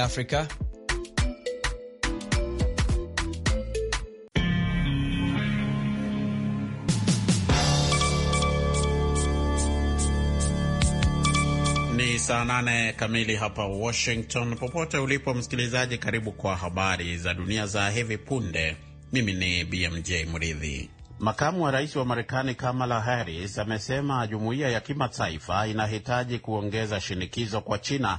Africa. Ni saa nane kamili hapa Washington. Popote ulipo msikilizaji, karibu kwa habari za dunia za hivi punde. Mimi ni BMJ Mridhi. Makamu wa rais wa Marekani Kamala Harris amesema jumuiya ya kimataifa inahitaji kuongeza shinikizo kwa China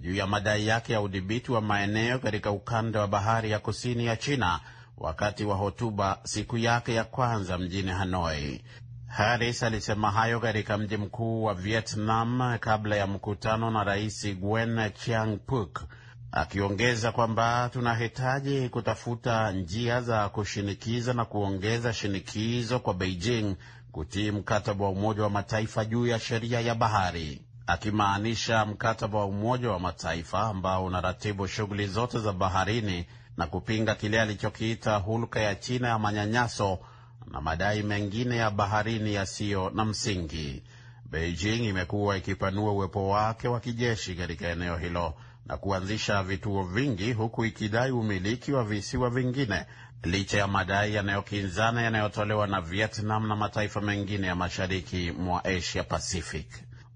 juu ya madai yake ya udhibiti wa maeneo katika ukanda wa bahari ya kusini ya China wakati wa hotuba siku yake ya kwanza mjini Hanoi. Harris alisema hayo katika mji mkuu wa Vietnam kabla ya mkutano na Rais Gwen Chiang Puk, akiongeza kwamba tunahitaji kutafuta njia za kushinikiza na kuongeza shinikizo kwa Beijing kutii mkataba wa Umoja wa Mataifa juu ya sheria ya bahari akimaanisha mkataba wa Umoja wa Mataifa ambao unaratibu shughuli zote za baharini na kupinga kile alichokiita hulka ya China ya manyanyaso na madai mengine ya baharini yasiyo na msingi. Beijing imekuwa ikipanua uwepo wake wa kijeshi katika eneo hilo na kuanzisha vituo vingi huku ikidai umiliki wa visiwa vingine licha ya madai yanayokinzana yanayotolewa na Vietnam na mataifa mengine ya mashariki mwa Asia Pacific.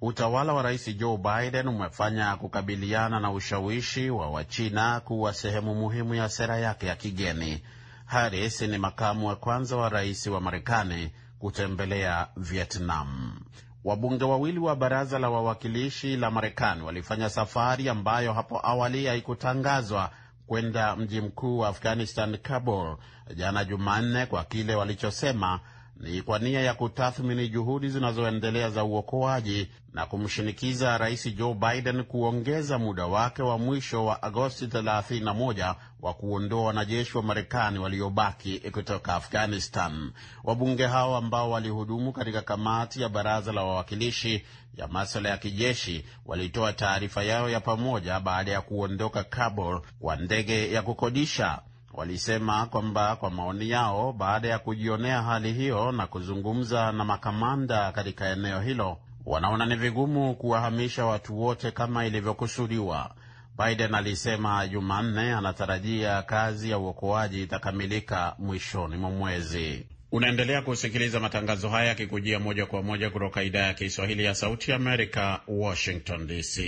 Utawala wa Rais Joe Biden umefanya kukabiliana na ushawishi wa Wachina kuwa sehemu muhimu ya sera yake ya kigeni. Harris ni makamu wa kwanza wa rais wa Marekani kutembelea Vietnam. Wabunge wawili wa baraza la wawakilishi la Marekani walifanya safari ambayo hapo awali haikutangazwa kwenda mji mkuu wa Afghanistan, Kabul, jana Jumanne, kwa kile walichosema ni kwa nia ya kutathmini juhudi zinazoendelea za uokoaji na kumshinikiza Rais Joe Biden kuongeza muda wake wa mwisho wa Agosti 31 wa kuondoa wanajeshi wa Marekani waliobaki kutoka Afghanistan. Wabunge hao ambao walihudumu katika kamati ya baraza la wawakilishi ya masuala ya kijeshi walitoa taarifa yao ya pamoja baada ya kuondoka Kabul kwa ndege ya kukodisha. Walisema kwamba kwa maoni yao, baada ya kujionea hali hiyo na kuzungumza na makamanda katika eneo hilo, wanaona ni vigumu kuwahamisha watu wote kama ilivyokusudiwa. Biden alisema Jumanne anatarajia kazi ya uokoaji itakamilika mwishoni mwa mwezi. Unaendelea kusikiliza matangazo haya yakikujia moja kwa moja kutoka idhaa ya Kiswahili ya Sauti ya Amerika, Washington DC.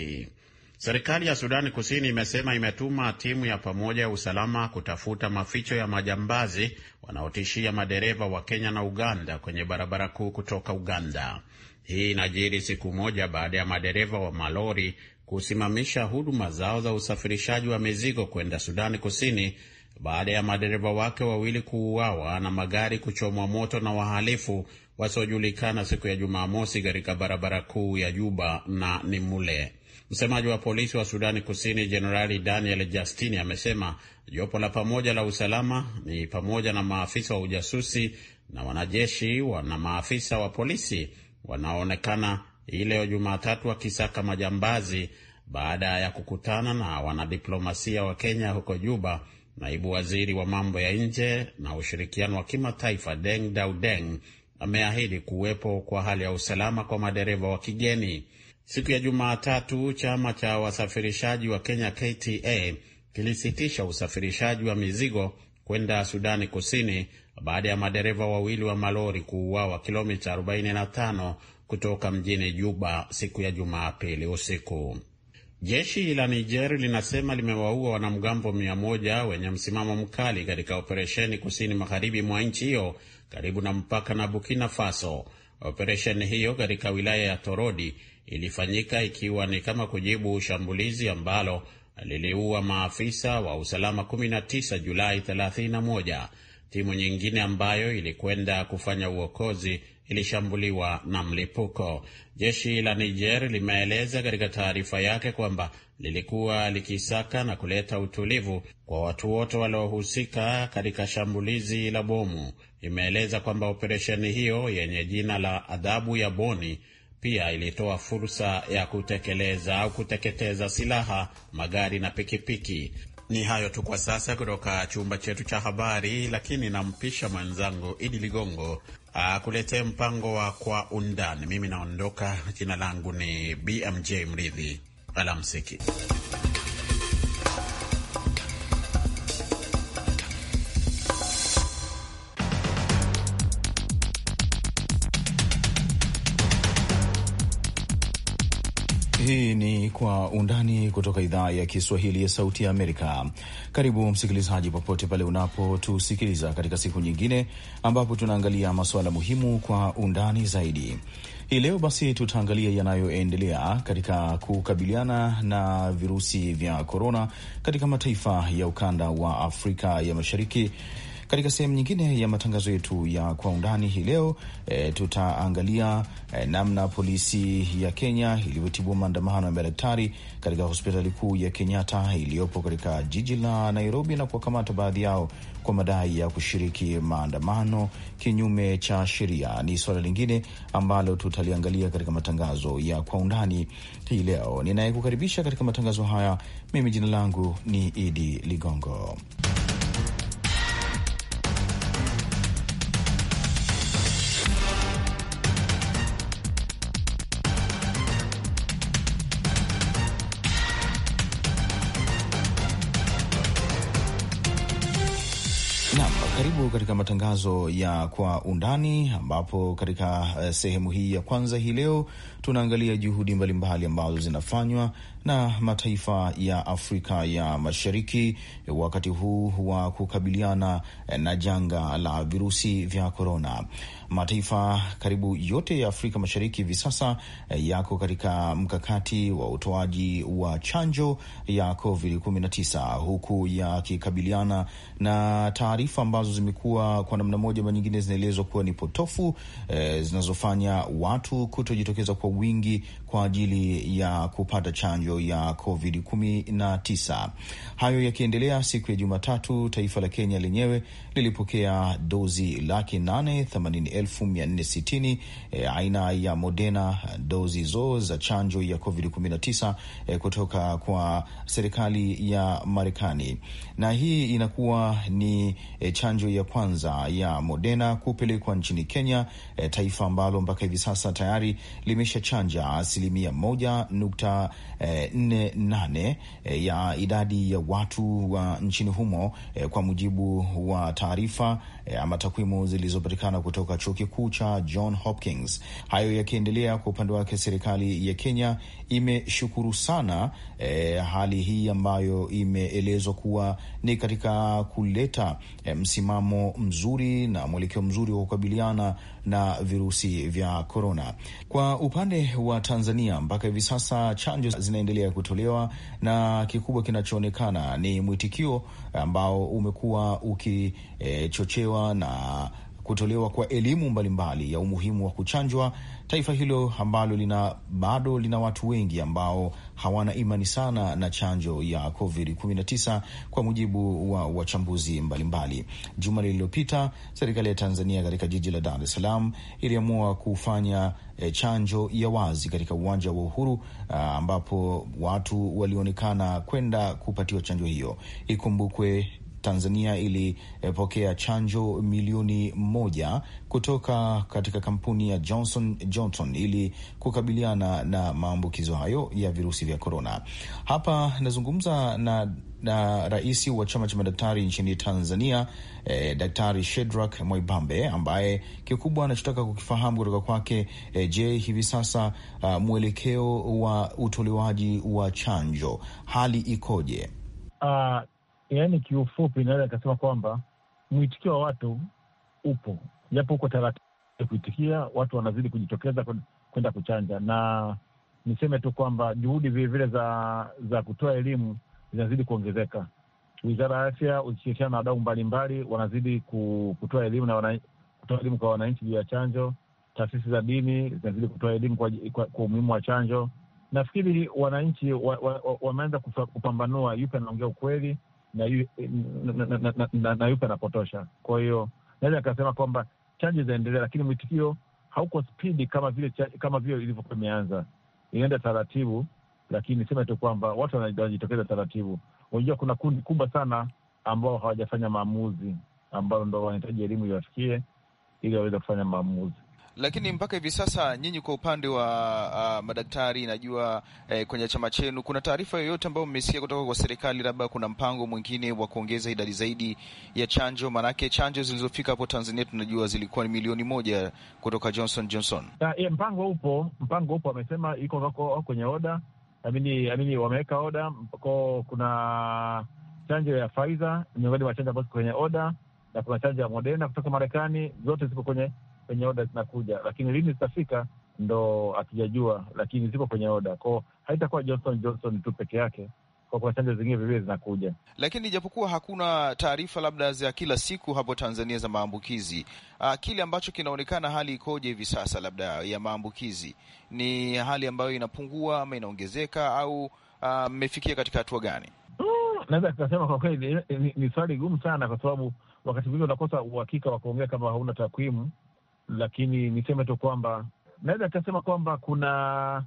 Serikali ya Sudani Kusini imesema imetuma timu ya pamoja ya usalama kutafuta maficho ya majambazi wanaotishia madereva wa Kenya na Uganda kwenye barabara kuu kutoka Uganda. Hii inajiri siku moja baada ya madereva wa malori kusimamisha huduma zao za usafirishaji wa mizigo kwenda Sudani Kusini baada ya madereva wake wawili kuuawa na magari kuchomwa moto na wahalifu wasiojulikana siku ya Jumamosi katika barabara kuu ya Juba na Nimule. Msemaji wa polisi wa Sudani Kusini Jenerali Daniel Justini amesema jopo la pamoja la usalama ni pamoja na maafisa wa ujasusi na wanajeshi na maafisa wa polisi wanaoonekana hii leo Jumatatu wakisaka majambazi baada ya kukutana na wanadiplomasia wa Kenya huko Juba. Naibu waziri wa mambo ya nje na ushirikiano wa kimataifa Deng Daudeng ameahidi kuwepo kwa hali ya usalama kwa madereva wa kigeni. Siku ya Jumatatu, chama cha wasafirishaji wa Kenya KTA kilisitisha usafirishaji wa mizigo kwenda Sudani Kusini baada ya madereva wawili wa malori kuuawa kilomita 45 kutoka mjini Juba siku ya Jumapili usiku. Jeshi la Niger linasema limewaua wanamgambo mia moja wenye msimamo mkali katika operesheni kusini magharibi mwa nchi hiyo karibu na mpaka na Burkina Faso. Operesheni hiyo katika wilaya ya Torodi ilifanyika ikiwa ni kama kujibu shambulizi ambalo liliua maafisa wa usalama 19 Julai 31. Timu nyingine ambayo ilikwenda kufanya uokozi ilishambuliwa na mlipuko. Jeshi la Niger limeeleza katika taarifa yake kwamba lilikuwa likisaka na kuleta utulivu kwa watu wote waliohusika katika shambulizi la bomu. Imeeleza kwamba operesheni hiyo yenye jina la adhabu ya Boni pia ilitoa fursa ya kutekeleza au kuteketeza silaha, magari na pikipiki. Ni hayo tu kwa sasa kutoka chumba chetu cha habari, lakini nampisha mwenzangu Idi Ligongo akuletee mpango wa Kwa Undani. Mimi naondoka, jina langu ni BMJ Mridhi. Alamsiki. Kwa Undani kutoka idhaa ya Kiswahili ya Sauti ya Amerika. Karibu msikilizaji, popote pale unapotusikiliza katika siku nyingine ambapo tunaangalia masuala muhimu kwa undani zaidi. Hii leo basi tutaangalia yanayoendelea katika kukabiliana na virusi vya korona katika mataifa ya ukanda wa Afrika ya Mashariki katika sehemu nyingine ya matangazo yetu ya kwa undani hii leo e, tutaangalia e, namna polisi ya Kenya ilivyotibua maandamano ya madaktari katika hospitali kuu ya Kenyatta iliyopo katika jiji la Nairobi na kuwakamata baadhi yao kwa madai ya kushiriki maandamano kinyume cha sheria. Ni suala lingine ambalo tutaliangalia katika matangazo ya kwa undani hii leo. Ninayekukaribisha katika matangazo haya mimi, jina langu ni Idi Ligongo. katika matangazo ya kwa undani, ambapo katika uh, sehemu hii ya kwanza hii leo tunaangalia juhudi mbalimbali ambazo zinafanywa na mataifa ya Afrika ya Mashariki wakati huu wa kukabiliana na janga la virusi vya korona. Mataifa karibu yote ya Afrika Mashariki hivi sasa eh, yako katika mkakati wa utoaji wa chanjo ya COVID-19 huku yakikabiliana na taarifa ambazo zimekuwa kwa namna moja ama nyingine zinaelezwa kuwa ni potofu eh, zinazofanya watu kutojitokeza kwa wingi kwa ajili ya kupata chanjo ya COVID-19. Hayo yakiendelea, siku ya Jumatatu taifa la Kenya lenyewe lilipokea dozi laki nane themanini elfu mia nne sitini e, aina ya Moderna dozi zo za chanjo ya COVID-19 e, kutoka kwa serikali ya Marekani, na hii inakuwa ni e, chanjo ya kwanza ya Moderna kupelekwa nchini Kenya, e, taifa ambalo mpaka hivi sasa tayari limesha chanja asilimia moja nukta e, nne nane eh, ya idadi ya watu wa nchini humo e, kwa mujibu wa taarifa e, ama takwimu zilizopatikana kutoka chuo kikuu cha John Hopkins. Hayo yakiendelea, kwa upande wake serikali ya Kenya imeshukuru sana e, hali hii ambayo imeelezwa kuwa ni katika kuleta e, msimamo mzuri na mwelekeo mzuri wa kukabiliana na virusi vya korona. Kwa upande wa Tanzania mpaka hivi sasa chanjo zinaendelea yanaendelea kutolewa na kikubwa kinachoonekana ni mwitikio ambao umekuwa ukichochewa na kutolewa kwa elimu mbalimbali ya umuhimu wa kuchanjwa. Taifa hilo ambalo lina bado lina watu wengi ambao hawana imani sana na chanjo ya COVID-19 kwa mujibu wa wachambuzi mbalimbali. Juma lililopita serikali ya Tanzania katika jiji la Dar es Salaam iliamua kufanya e, chanjo ya wazi katika uwanja wa Uhuru ah, ambapo watu walionekana kwenda kupatiwa chanjo hiyo. Ikumbukwe Tanzania ilipokea chanjo milioni moja kutoka katika kampuni ya Johnson Johnson ili kukabiliana na maambukizo hayo ya virusi vya korona. Hapa nazungumza na na rais wa chama cha madaktari nchini Tanzania eh, Daktari shedrack Mwaibambe ambaye kikubwa anachotaka kukifahamu kutoka kwake eh, je, hivi sasa uh, mwelekeo wa utolewaji wa chanjo hali ikoje? Uh, yaani kiufupi naweza ikasema kwamba mwitikio wa watu upo, japo uko taratibu kuitikia, watu wanazidi kujitokeza kwenda kuchanja, na niseme tu kwamba juhudi vilevile za za kutoa elimu zinazidi kuongezeka. Wizara ya Afya ukishirikiana na wadau mbalimbali wanazidi kutoa elimu na kutoa elimu kwa wananchi juu ya chanjo. Taasisi za dini zinazidi kutoa elimu kwa, kwa, kwa umuhimu wa chanjo. Nafikiri wananchi wameanza wa, wa, wa kupambanua yupe anaongea ukweli na yupe anapotosha. Kwa hiyo naweza nikasema kwamba chanjo zinaendelea, lakini mwitikio hauko spidi kama vile kama vile ilivyokuwa imeanza. Inaenda taratibu, lakini niseme tu kwamba watu wanajitokeza taratibu. Unajua, kuna kundi kubwa sana ambao hawajafanya maamuzi, ambao ndo wanahitaji elimu iwafikie ili waweze kufanya maamuzi. Lakini mpaka hivi sasa nyinyi kwa upande wa uh, madaktari najua eh, kwenye chama chenu kuna taarifa yoyote ambayo mmesikia kutoka kwa serikali, labda kuna mpango mwingine wa kuongeza idadi zaidi ya chanjo? Maanake chanjo zilizofika hapo Tanzania tunajua zilikuwa ni milioni moja kutoka Johnson Johnson. Uh, mpango upo, mpango upo, wamesema iko kwenye oda, amini amini, wameweka oda ko, kuna chanjo ya Pfizer miongoni mwa chanjo ambazo kwenye oda na kuna chanjo ya Moderna kutoka Marekani, zote ziko kwenye kwenye oda zinakuja, lakini lini zitafika ndo hatujajua, lakini ziko kwenye oda kwao. Haitakuwa Johnson Johnson tu peke yake kwa kuna chanjo zingine vilevile zinakuja, lakini ijapokuwa hakuna taarifa labda za kila siku hapo Tanzania za maambukizi, ah, kile ambacho kinaonekana hali ikoje hivi sasa, labda ya maambukizi, ni hali ambayo inapungua ama inaongezeka au ah, mmefikia katika hatua gani? Mm, naweza tukasema kwa kweli ni, ni, ni swali gumu sana, kwa sababu wakati mwingine unakosa uhakika wa kuongea kama hauna takwimu lakini niseme tu kwamba naweza nikasema kwamba kuna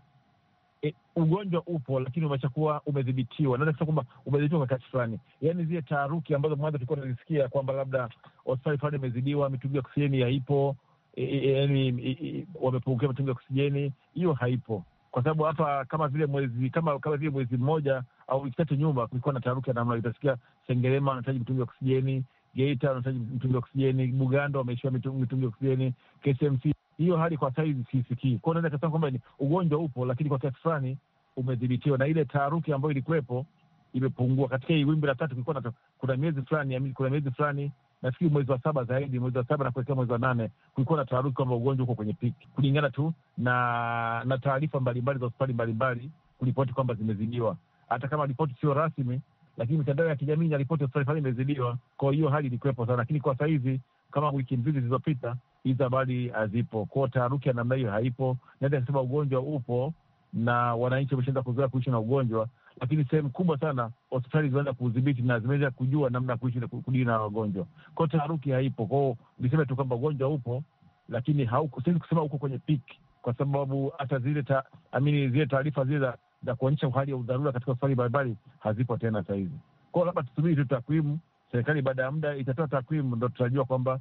e, ugonjwa upo, lakini umeshakuwa umedhibitiwa. Naweza kusema kwamba umedhibitiwa kwa kiasi fulani, yaani zile taharuki ambazo mwanzo tulikuwa tunazisikia kwamba labda hospitali fulani imezidiwa, mitungi ya oksijeni haipo, eh, eh, yaani e, e, e, mitungi ya oksijeni, hiyo haipo kwa sababu hapa kama vile mwezi kama kama vile mwezi mmoja au wiki tatu nyuma kulikuwa na taharuki ya namna hiyo. Utasikia Sengerema wanahitaji mitungi ya oksijeni, Geita wanahitaji mitungi ya oksijeni, Bugando wameishiwa mitungi ya oksijeni, KCMC. Hiyo hali kwa saizi siisikii kwao. Unaweza kasema kwamba ugonjwa upo, lakini kwa kiasi fulani umedhibitiwa, na ile taharuki ambayo ilikuwepo imepungua. Katika hii wimbi la tatu kulikuwa kuna miezi fulani, kuna miezi fulani nafikiri mwezi wa saba zaidi, mwezi wa saba na kuelekea mwezi wa nane kulikuwa na taharuki kwamba ugonjwa uko kwenye piki, kulingana tu na na taarifa mbalimbali za hospitali mbalimbali kuripoti kwamba zimezidiwa, hata kama ripoti sio rasmi, lakini mitandao ya kijamii na hospitali fulani imezidiwa. Kwa hiyo hali ilikuwepo sana, lakini kwa sahizi kama wiki mbili zilizopita hizo habari hazipo, kwao taharuki ya namna hiyo haipo. Naweza kusema ugonjwa upo na wananchi wameshaanza kuzoea kuishi na ugonjwa, lakini sehemu kubwa sana hospitali zimeweza kudhibiti na zimeweza kujua namna ya kuishi kudili na wagonjwa kwao, taharuki haipo kwao. Niseme tu kwamba ugonjwa upo, lakini hauko, siwezi kusema uko kwenye piki, kwa sababu hata zile ta, amini zile taarifa zile za, za kuonyesha hali ya udharura katika hospitali mbalimbali hazipo tena sahizi kwao. Labda tusubiri tu takwimu, serikali baada ya muda itatoa takwimu, ndo tutajua kwamba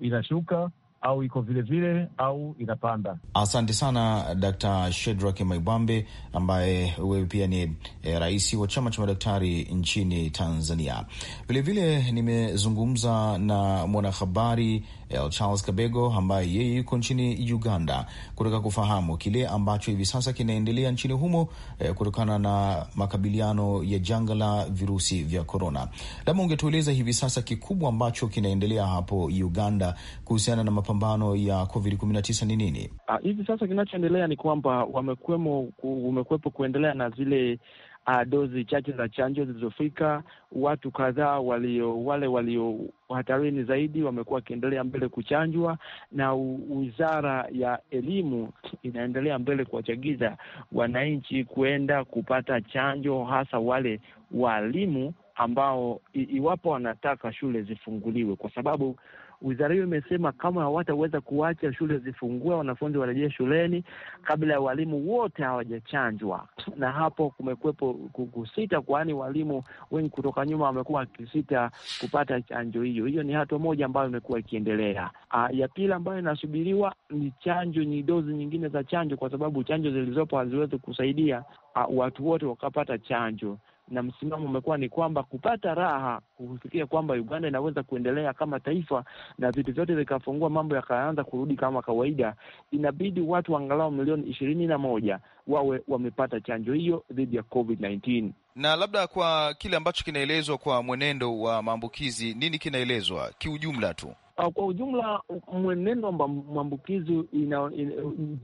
inashuka au iko vilevile au inapanda. Asante sana Dkt. Shedrack Maibambe ambaye wewe pia ni e, rais wa chama cha madaktari nchini Tanzania. Vilevile nimezungumza na mwanahabari eh, Charles Kabego ambaye yeye yuko nchini Uganda kutaka kufahamu kile ambacho hivi sasa kinaendelea nchini humo e, kutokana na makabiliano ya janga la virusi vya korona. Labda ungetueleza hivi sasa kikubwa ambacho kinaendelea hapo Uganda kuhusiana na mapambano ya covid 19 ni nini? Ah, hivi sasa kinachoendelea ni kwamba wamekwemo umekwepo kuendelea na zile Uh, dozi chache za chanjo zilizofika. Watu kadhaa walio wale walio hatarini zaidi wamekuwa wakiendelea mbele kuchanjwa, na wizara ya elimu inaendelea mbele kuwachagiza wananchi kuenda kupata chanjo, hasa wale walimu ambao iwapo wanataka shule zifunguliwe, kwa sababu Wizara hiyo imesema kama hawataweza kuacha shule zifungue, wanafunzi warejee shuleni kabla ya walimu wote hawajachanjwa. Na hapo kumekuwepo kusita, kwani walimu wengi kutoka nyuma wamekuwa wakisita kupata chanjo hiyo. Hiyo ni hatua moja ambayo imekuwa ikiendelea. Ah, ya pili ambayo inasubiriwa ni chanjo, ni dozi nyingine za chanjo, kwa sababu chanjo zilizopo haziwezi kusaidia ah, watu wote wakapata chanjo na msimamo umekuwa ni kwamba kupata raha kufikia kwamba Uganda inaweza kuendelea kama taifa na vitu vyote vikafungua, mambo yakaanza kurudi kama kawaida, inabidi watu angalau milioni ishirini na moja wawe wamepata chanjo hiyo dhidi ya COVID-19. Na labda kwa kile ambacho kinaelezwa kwa mwenendo wa maambukizi, nini kinaelezwa kiujumla tu? Uh, kwa ujumla mwenendo wa maambukizi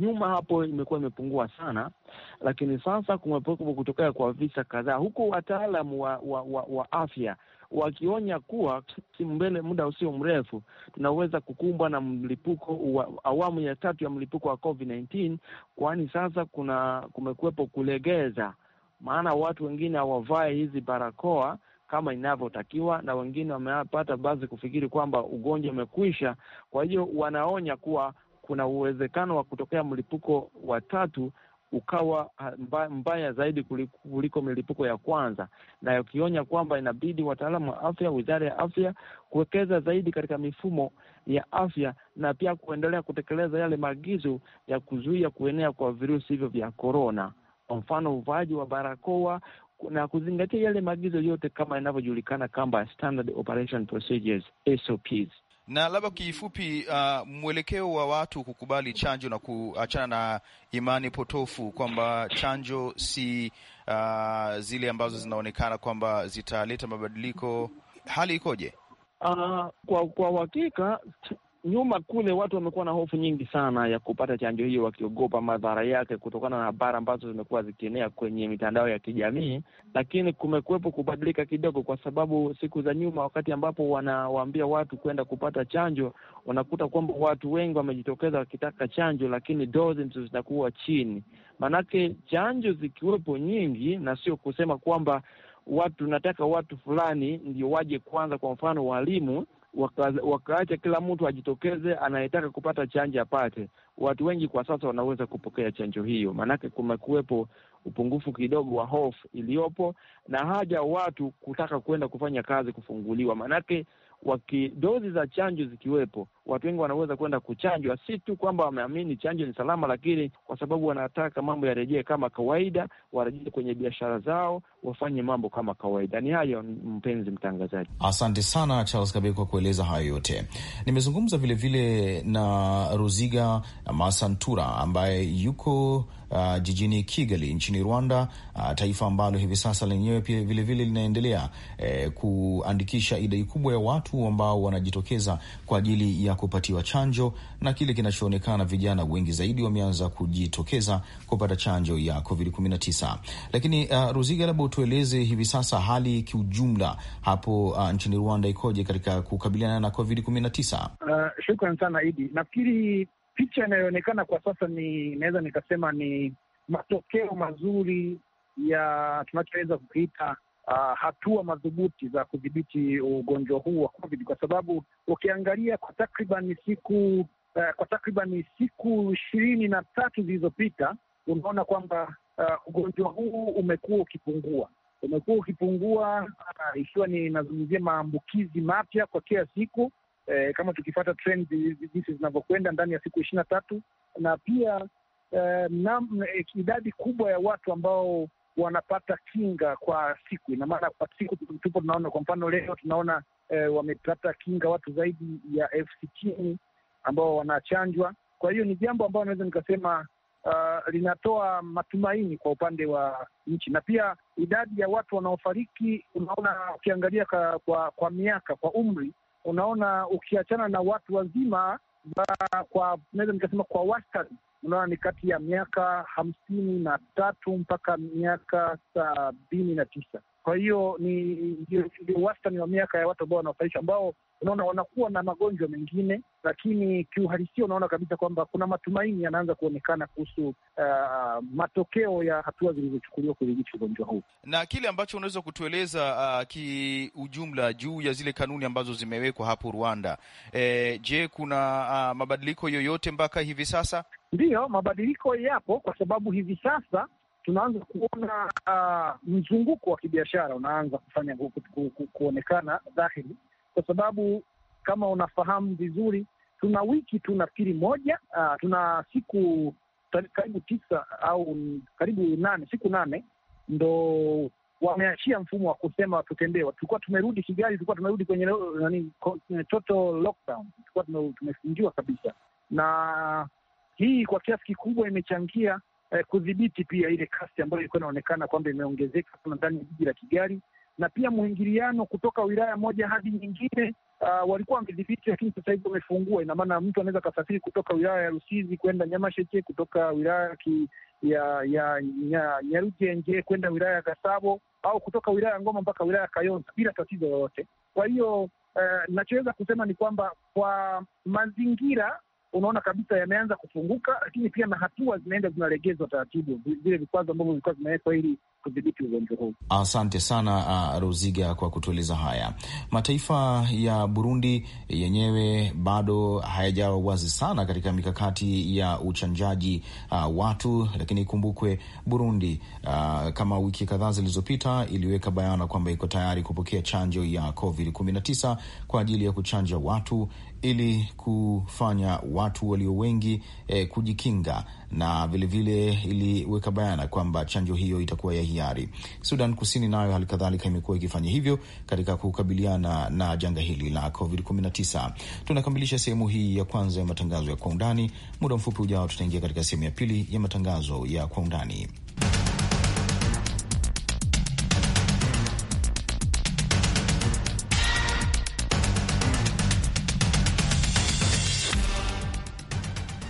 nyuma hapo imekuwa imepungua sana, lakini sasa kumekuwa kutokea kwa visa kadhaa, huku wataalamu wa, wa, wa, wa afya wakionya kuwa si mbele muda usio mrefu tunaweza kukumbwa na mlipuko wa awamu ya tatu ya mlipuko wa COVID-19, kwani sasa kuna kumekuwepo kulegeza, maana watu wengine hawavae hizi barakoa kama inavyotakiwa, na wengine wamepata basi kufikiri kwamba ugonjwa umekwisha. Kwa hiyo wanaonya kuwa kuna uwezekano wa kutokea mlipuko wa tatu ukawa mbaya zaidi kuliko milipuko ya kwanza, na ukionya kwamba inabidi wataalamu wa afya, wizara ya afya kuwekeza zaidi katika mifumo ya afya na pia kuendelea kutekeleza yale maagizo ya kuzuia kuenea kwa virusi hivyo vya korona. Kwa mfano, uvaaji wa barakoa, na kuzingatia yale maagizo yote kama yanavyojulikana kama Standard Operation Procedures, SOPs. Na labda kifupi, uh, mwelekeo wa watu kukubali chanjo na kuachana na imani potofu kwamba chanjo si uh, zile ambazo zinaonekana kwamba zitaleta mabadiliko, hali ikoje? Uh, kwa kwa uhakika nyuma kule watu wamekuwa na hofu nyingi sana ya kupata chanjo hiyo, wakiogopa madhara yake kutokana na habari ambazo zimekuwa zikienea kwenye mitandao ya kijamii. Lakini kumekuwepo kubadilika kidogo, kwa sababu siku za nyuma, wakati ambapo wanawaambia watu kwenda kupata chanjo, unakuta kwamba watu wengi wamejitokeza wakitaka chanjo, lakini dozi ndizo zinakuwa chini. Maanake chanjo zikiwepo nyingi, na sio kusema kwamba watu nataka watu fulani ndio waje kwanza, kwa mfano walimu wakaacha kila mtu ajitokeze, anayetaka kupata chanjo apate. Watu wengi kwa sasa wanaweza kupokea chanjo hiyo, maanake kumekuwepo upungufu kidogo wa hofu iliyopo na haja watu kutaka kwenda kufanya kazi kufunguliwa, maanake waki dozi za chanjo zikiwepo wengi wanaweza kwenda kuchanjwa, si tu kwamba wameamini chanjo ni salama, lakini kwa sababu wanataka mambo yarejee kama kawaida, warejee kwenye biashara zao, wafanye mambo kama kawaida. Ni hayo, mpenzi mtangazaji. Asante sana Charles Kabe kwa kueleza hayo yote. Nimezungumza vilevile na Ruziga Masantura ambaye yuko Uh, jijini Kigali nchini Rwanda, uh, taifa ambalo hivi sasa lenyewe pia vilevile linaendelea eh, kuandikisha idadi kubwa ya watu ambao wanajitokeza kwa ajili ya kupatiwa chanjo na kile kinachoonekana vijana wengi zaidi wameanza kujitokeza kupata chanjo ya COVID-19. Lakini uh, Ruziga, labda utueleze hivi sasa hali kiujumla hapo uh, nchini Rwanda ikoje katika kukabiliana na COVID-19? Uh, shukran sana Idi. Nafikiri picha inayoonekana kwa sasa ni naweza nikasema ni matokeo mazuri ya tunachoweza kukiita uh, hatua madhubuti za kudhibiti ugonjwa huu wa COVID kwa sababu ukiangalia kwa takriban siku uh, kwa takriban siku ishirini na tatu zilizopita unaona kwamba uh, ugonjwa huu umekuwa ukipungua umekuwa ukipungua, uh, ikiwa ninazungumzia maambukizi mapya kwa kila siku eh, kama tukifata trend jinsi zinavyokwenda ndani ya siku ishirini na tatu na pia eh, eh, idadi kubwa ya watu ambao wanapata kinga kwa siku. Ina maana kwa siku tupo tunaona, kwa mfano leo tunaona e, wamepata kinga watu zaidi ya elfu sitini ambao wanachanjwa. Kwa hiyo ni jambo ambalo naweza nikasema uh, linatoa matumaini kwa upande wa nchi, na pia idadi ya watu wanaofariki, unaona ukiangalia kwa, kwa, kwa miaka kwa umri, unaona ukiachana na watu wazima ba, kwa naweza nikasema kwa wastani unaona ni kati ya miaka hamsini na tatu mpaka miaka sabini na tisa. Kwa hiyo ni ndio wastani wa miaka ya watu ambao wanawafaisha, ambao unaona wanakuwa na magonjwa mengine, lakini kiuhalisia unaona kabisa kwamba kuna matumaini yanaanza kuonekana kuhusu uh, matokeo ya hatua zilizochukuliwa kudhibiti ugonjwa huu. Na kile ambacho unaweza kutueleza uh, kiujumla juu ya zile kanuni ambazo zimewekwa hapo Rwanda, e, je, kuna uh, mabadiliko yoyote mpaka hivi sasa? Ndiyo, mabadiliko yapo kwa sababu hivi sasa tunaanza kuona uh, mzunguko wa kibiashara unaanza kufanya ku, ku, ku, kuonekana dhahiri, kwa sababu kama unafahamu vizuri, tuna wiki tu nafikiri moja uh, tuna siku karibu tisa au karibu nane, siku nane ndo wameachia mfumo wa kusema tutembewa. Tulikuwa tumerudi Kigali, tulikuwa tumerudi kwenye nani, total lockdown, tulikuwa tumefungiwa kabisa, na hii kwa kiasi kikubwa imechangia eh, kudhibiti pia ile kasi ambayo ilikuwa inaonekana kwamba imeongezeka sana ndani ya jiji la Kigali na pia mwingiliano kutoka wilaya moja hadi nyingine. Uh, walikuwa wamedhibiti, lakini sasa hivi wamefungua. Ina maana mtu anaweza akasafiri kutoka wilaya ya Rusizi kwenda Nyamasheke, kutoka wilaya ki, ya ya Nyarugenge ya, kwenda wilaya ya Gasabo au kutoka wilaya ya Ngoma mpaka wilaya ya Kayonza bila tatizo lolote. Kwa hiyo eh, nachoweza kusema ni kwamba kwa mazingira unaona kabisa yameanza kufunguka, lakini pia na hatua zinaenda zinalegezwa taratibu, vile vikwazo ambavyo vilikuwa zimewekwa ili kudhibiti ugonjwa huu. Asante sana uh, Ruziga, kwa kutueleza haya. Mataifa ya Burundi yenyewe bado hayajawa wazi sana katika mikakati ya uchanjaji uh, watu, lakini ikumbukwe Burundi uh, kama wiki kadhaa zilizopita iliweka bayana kwamba iko tayari kupokea chanjo ya COVID 19 kwa ajili ya kuchanja watu ili kufanya watu walio wengi eh, kujikinga na vilevile iliweka bayana kwamba chanjo hiyo itakuwa ya hiari. Sudan Kusini nayo halikadhalika imekuwa ikifanya hivyo katika kukabiliana na janga hili la COVID-19. Tunakamilisha sehemu hii ya kwanza ya matangazo ya kwa undani. Muda mfupi ujao, tutaingia katika sehemu ya pili ya matangazo ya kwa undani.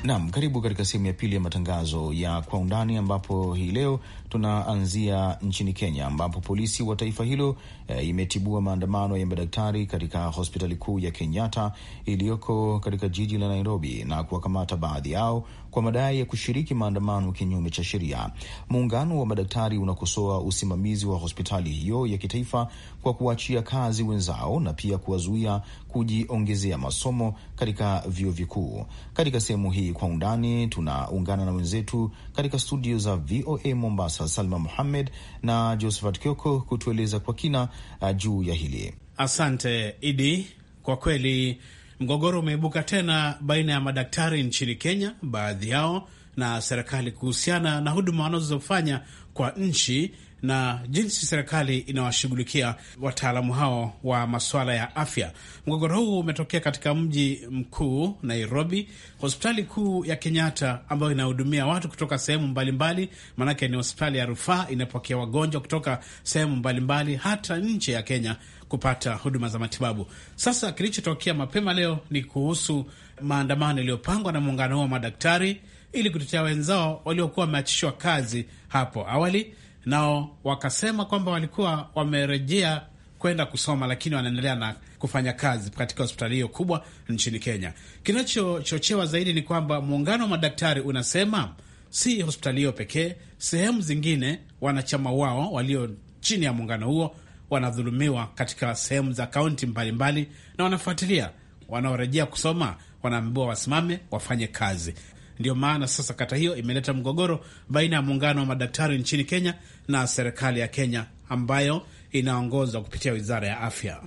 Naam, karibu katika sehemu ya pili ya matangazo ya kwa undani, ambapo hii leo tunaanzia nchini Kenya, ambapo polisi wa taifa hilo e, imetibua maandamano ya madaktari katika hospitali kuu ya Kenyatta iliyoko katika jiji la Nairobi na kuwakamata baadhi yao kwa madai ya kushiriki maandamano kinyume cha sheria. Muungano wa madaktari unakosoa usimamizi wa hospitali hiyo ya kitaifa kwa kuachia kazi wenzao na pia kuwazuia kujiongezea masomo katika vyuo vikuu. Katika sehemu hii kwa undani, tunaungana na wenzetu katika studio za VOA Mombasa, Salma Muhammed na Josephat Kioko kutueleza kwa kina uh, juu ya hili. Asante Idi, kwa kweli Mgogoro umeibuka tena baina ya madaktari nchini Kenya, baadhi yao na serikali, kuhusiana na huduma wanazofanya kwa nchi na jinsi serikali inawashughulikia wataalamu hao wa masuala ya afya. Mgogoro huu umetokea katika mji mkuu Nairobi, hospitali kuu ya Kenyatta ambayo inahudumia watu kutoka sehemu mbalimbali, maanake ni hospitali ya rufaa, inapokea wagonjwa kutoka sehemu mbalimbali, hata nje ya Kenya kupata huduma za matibabu. Sasa kilichotokea mapema leo ni kuhusu maandamano yaliyopangwa na muungano huo wa madaktari ili kutetea wenzao waliokuwa wameachishwa kazi hapo awali, nao wakasema kwamba walikuwa wamerejea kwenda kusoma lakini wanaendelea na kufanya kazi katika hospitali hiyo kubwa nchini Kenya. Kinachochochewa zaidi ni kwamba muungano wa madaktari unasema si hospitali hiyo pekee, sehemu zingine wanachama wao walio chini ya muungano huo wanadhulumiwa katika sehemu za kaunti mbalimbali, na wanafuatilia. Wanaorejea kusoma wanaambiwa wasimame, wafanye kazi. Ndio maana sasa kata hiyo imeleta mgogoro baina ya muungano wa madaktari nchini Kenya na serikali ya Kenya ambayo inaongozwa kupitia wizara ya afya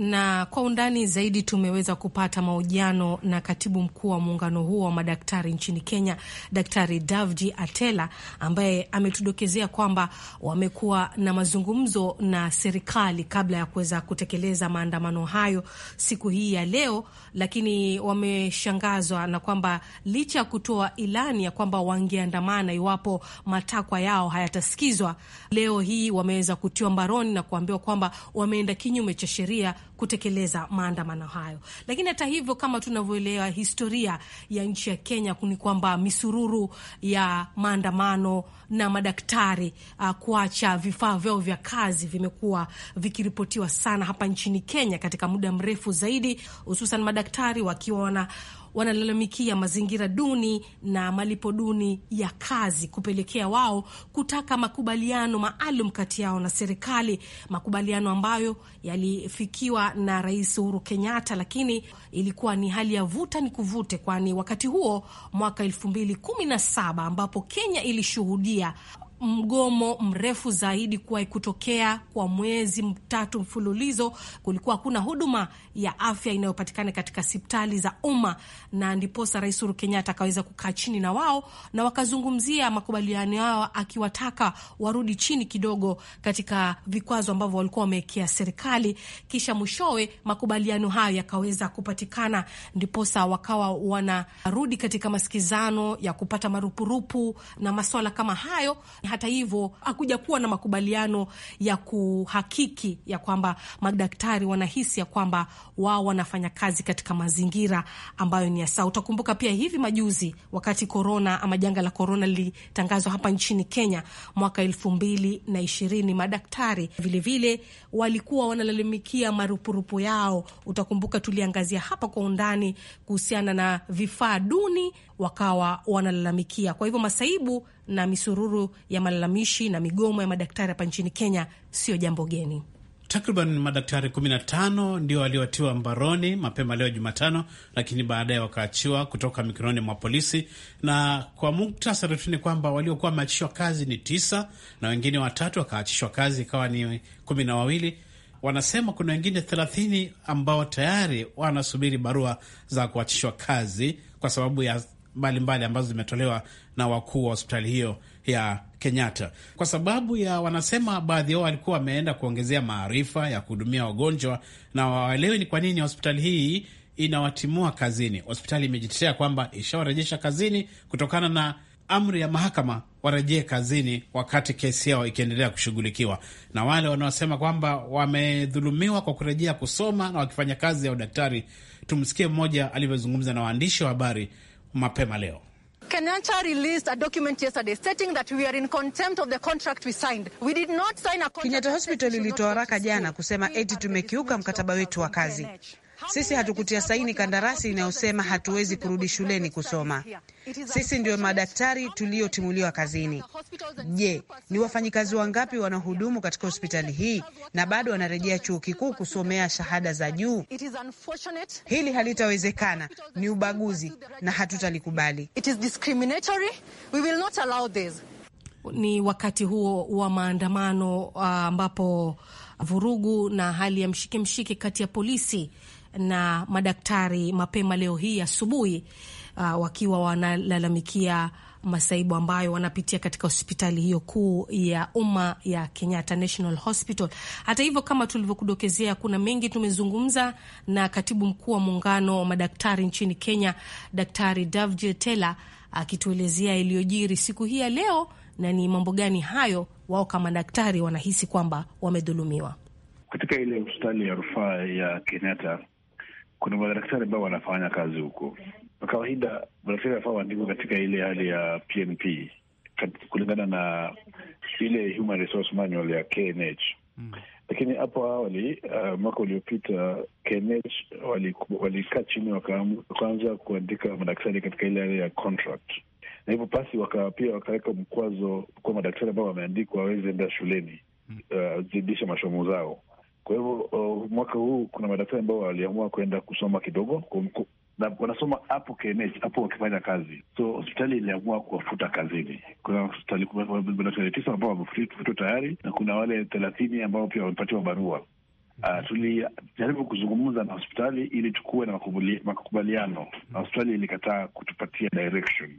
na kwa undani zaidi tumeweza kupata mahojiano na katibu mkuu wa muungano huo wa madaktari nchini Kenya, Daktari Davji Atela, ambaye ametudokezea kwamba wamekuwa na mazungumzo na serikali kabla ya kuweza kutekeleza maandamano hayo siku hii ya leo, lakini wameshangazwa na kwamba licha ya kutoa ilani ya kwamba wangeandamana iwapo matakwa yao hayatasikizwa, leo hii wameweza kutiwa mbaroni na kuambiwa kwamba wameenda kinyume cha sheria kutekeleza maandamano hayo. Lakini hata hivyo, kama tunavyoelewa historia ya nchi ya Kenya ni kwamba misururu ya maandamano na madaktari uh, kuacha vifaa vyao vya kazi vimekuwa vikiripotiwa sana hapa nchini Kenya katika muda mrefu zaidi, hususan madaktari wakiwa wana wanalalamikia mazingira duni na malipo duni ya kazi kupelekea wao kutaka makubaliano maalum kati yao na serikali, makubaliano ambayo yalifikiwa na Rais Uhuru Kenyatta, lakini ilikuwa ni hali ya vuta ni kuvute, kwani wakati huo mwaka 2017 ambapo Kenya ilishuhudia mgomo mrefu zaidi kuwahi kutokea kwa mwezi mtatu mfululizo. Kulikuwa hakuna huduma ya afya inayopatikana katika hospitali za umma, na ndiposa Rais Uhuru Kenyatta akaweza kukaa chini na wao na wakazungumzia makubaliano yao, akiwataka warudi chini kidogo katika vikwazo ambavyo walikuwa wamewekea serikali. Kisha mwishowe makubaliano hayo yakaweza kupatikana, ndiposa wakawa wanarudi katika masikizano ya kupata marupurupu na maswala kama hayo hata hivyo hakuja kuwa na makubaliano ya kuhakiki ya kwamba madaktari wanahisi ya kwamba wao wanafanya kazi katika mazingira ambayo ni ya sawa. Utakumbuka pia hivi majuzi wakati korona ama janga la korona lilitangazwa hapa nchini Kenya mwaka elfu mbili na ishirini, madaktari vilevile vile walikuwa wanalalamikia marupurupu yao. Utakumbuka tuliangazia hapa kwa undani kuhusiana na vifaa duni, wakawa wanalalamikia. Kwa hivyo masaibu na misururu ya ya malalamishi na migomo ya madaktari hapa nchini Kenya sio jambo geni. Takriban madaktari 15 ndio waliotiwa mbaroni mapema leo Jumatano, lakini baadaye wakaachiwa kutoka mikononi mwa polisi. Na kwa muktasari tu ni kwamba waliokuwa wameachishwa kazi ni tisa na wengine watatu wakaachishwa kazi, ikawa ni kumi na wawili. Wanasema kuna wengine thelathini ambao tayari wanasubiri barua za kuachishwa kazi kwa sababu ya mbalimbali mbali ambazo zimetolewa na wakuu wa hospitali hiyo ya Kenyatta kwa sababu ya wanasema baadhi yao walikuwa wameenda kuongezea maarifa ya kuhudumia wagonjwa na waelewi ni kwa nini hospitali hii inawatimua kazini. Hospitali imejitetea kwamba ishawarejesha kazini kutokana na amri ya mahakama warejee kazini wakati kesi yao ikiendelea kushughulikiwa. Na wale wanaosema kwamba wamedhulumiwa kwa kurejea kusoma na wakifanya kazi ya udaktari, tumsikie mmoja alivyozungumza na waandishi wa habari mapema leo. Kenyatta released a document yesterday stating that we are in contempt of the contract we signed. We did not sign a contract. Kenyatta Hospital ilitoa waraka jana kusema eti tumekiuka mkataba wetu wa kazi. Sisi hatukutia saini kandarasi inayosema hatuwezi kurudi shuleni kusoma. Sisi ndio madaktari tuliotimuliwa kazini. Je, ni wafanyikazi wangapi wanahudumu katika hospitali hii na bado wanarejea chuo kikuu kusomea shahada za juu? Hili halitawezekana, ni ubaguzi na hatutalikubali. Ni wakati huo wa maandamano ah, ambapo uh, vurugu na hali ya mshike mshike kati ya polisi na madaktari mapema leo hii asubuhi, uh, wakiwa wanalalamikia masaibu ambayo wanapitia katika hospitali hiyo kuu ya umma ya Kenyatta National Hospital. Hata hivyo, kama tulivyokudokezea, kuna mengi tumezungumza na katibu mkuu wa muungano wa madaktari nchini Kenya, Daktari Davji Tela akituelezea iliyojiri siku hii ya leo na ni mambo gani hayo wao kama daktari wanahisi kwamba wamedhulumiwa katika ile hospitali ya rufaa ya Kenyatta kuna madaktari ambao wanafanya kazi huko. Kwa kawaida madaktari wanafaa waandikwe katika ile hali ya PNP kulingana na ile Human Resource Manual ya KNH mm. Lakini hapo awali uh, mwaka uliopita KNH walikaa chini wakaanza kuandika madaktari katika ile hali ya contract, na hivyo basi waka, pia wakaweka mkwazo kwa madaktari ambao wameandikwa waweze enda shuleni hmm. uh, zidisha masomo zao kwa hivyo uh, mwaka huu kuna madaktari ambao waliamua kwenda kusoma kidogo kumku, na wanasoma hapo KNH hapo wakifanya kazi, so hospitali iliamua kuwafuta kazini. Kuna hospitali madaktari tisa ambao wamefutwa tayari na kuna wale thelathini ambao pia wamepatiwa barua. Uh, tulijaribu kuzungumza na hospitali ili tukuwe na makubaliano na hospitali ilikataa kutupatia direction.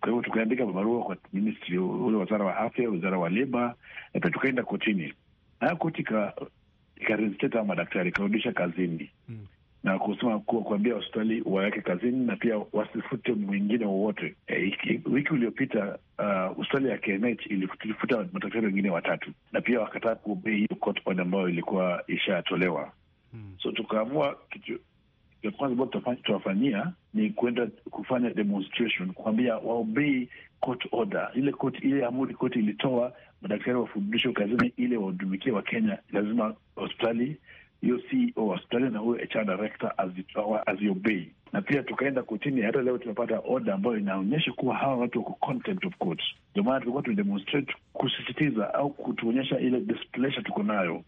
Kwa hivyo tukaandika barua kwa ministry ule, wazara wa afya, wizara wa leba, na pia tukaenda kotini na koti ikarejestate hao madaktari ikarudisha kazini mm. na kusema kuwa kuambia hospitali waweke kazini na pia wasifute mwingine wowote. E, wiki uliopita uh, hospitali uh, ya KMH ilifuta madaktari wengine watatu na pia wakataa kubei hiyo ambayo ilikuwa ishatolewa mm. so tukaamua kitu ya kwanza ambayo tutawafanyia ni kuenda kufanya demonstration, kuambia waobei court order, ile court, ile amuri koti ilitoa, madaktari wafundishwe kazini ile wahudumikie kenya Lazima hospitali hiyo CEO wa hospitali na huyo HR director aziobei, na pia tukaenda kotini. Hata leo tumepata order ambayo inaonyesha kuwa hawa watu wako contempt of court. Ndio maana tulikuwa tumedemonstrate kusisitiza au kutuonyesha ile displeasure tuko nayo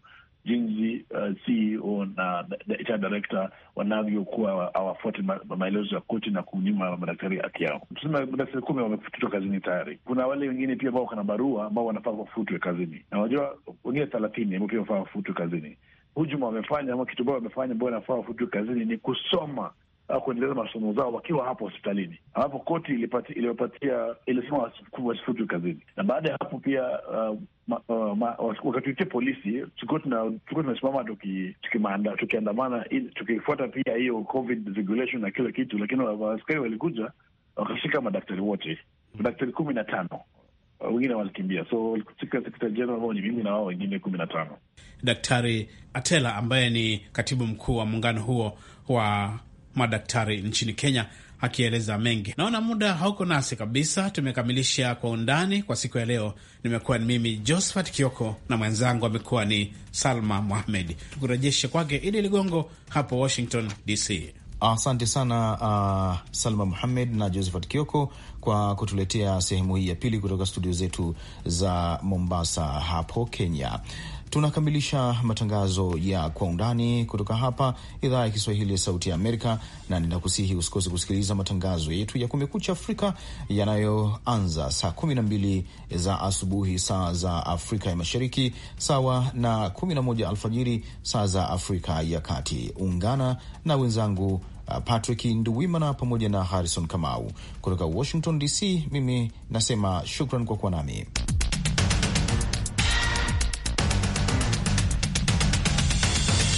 jinsi uh, CEO na HR director wanavyokuwa hawafuati ma, maelezo ya koti na kunyuma madaktari haki yao. Tuseme madaktari kumi wamefututwa kazini tayari. Kuna wale wengine pia ambao kana barua ambao wanafaa wafutwe kazini, na wajua wengine thelathini ambao pia wanafaa wafutwe kazini. Hujuma wamefanya ama kitu ambayo wamefanya ambao wanafaa wafutwe kazini ni kusoma au kuendeleza masomo zao wakiwa hapo hospitalini, ambapo koti iliwapatia ilisema wasifutwe kazini. Na baada ya hapo pia uh, uh wakati polisi tulikuwa tunasimama tukiandamana tukifuata pia hiyo covid regulation na kila kitu, lakini askari walikuja wakashika madaktari wote, madaktari kumi na tano wengine walikimbia, so sekretari jeneral ambao ni mimi na wao wengine kumi na tano. Daktari Atela ambaye ni katibu mkuu wa muungano huo wa madaktari nchini Kenya akieleza mengi. Naona muda hauko nasi kabisa, tumekamilisha kwa undani kwa siku ya leo. Nimekuwa ni mimi Josephat Kioko na mwenzangu amekuwa ni Salma Mohamed. Tukurejeshe kwake Idi Ligongo hapo Washington DC. Asante sana uh, Salma muhamed na Josephat Kioko kwa kutuletea sehemu hii ya pili kutoka studio zetu za Mombasa hapo Kenya tunakamilisha matangazo ya kwa undani kutoka hapa idhaa ya Kiswahili ya Sauti ya Amerika, na ninakusihi usikose kusikiliza matangazo yetu ya Kumekucha Afrika yanayoanza saa mbili za asubuhi saa za Afrika ya Mashariki, sawa na moja alfajiri saa za Afrika ya Kati. Ungana na wenzangu uh, Patrick Nduwimana pamoja na Harrison Kamau kutoka Washington DC. Mimi nasema shukran kwa kuwa nami.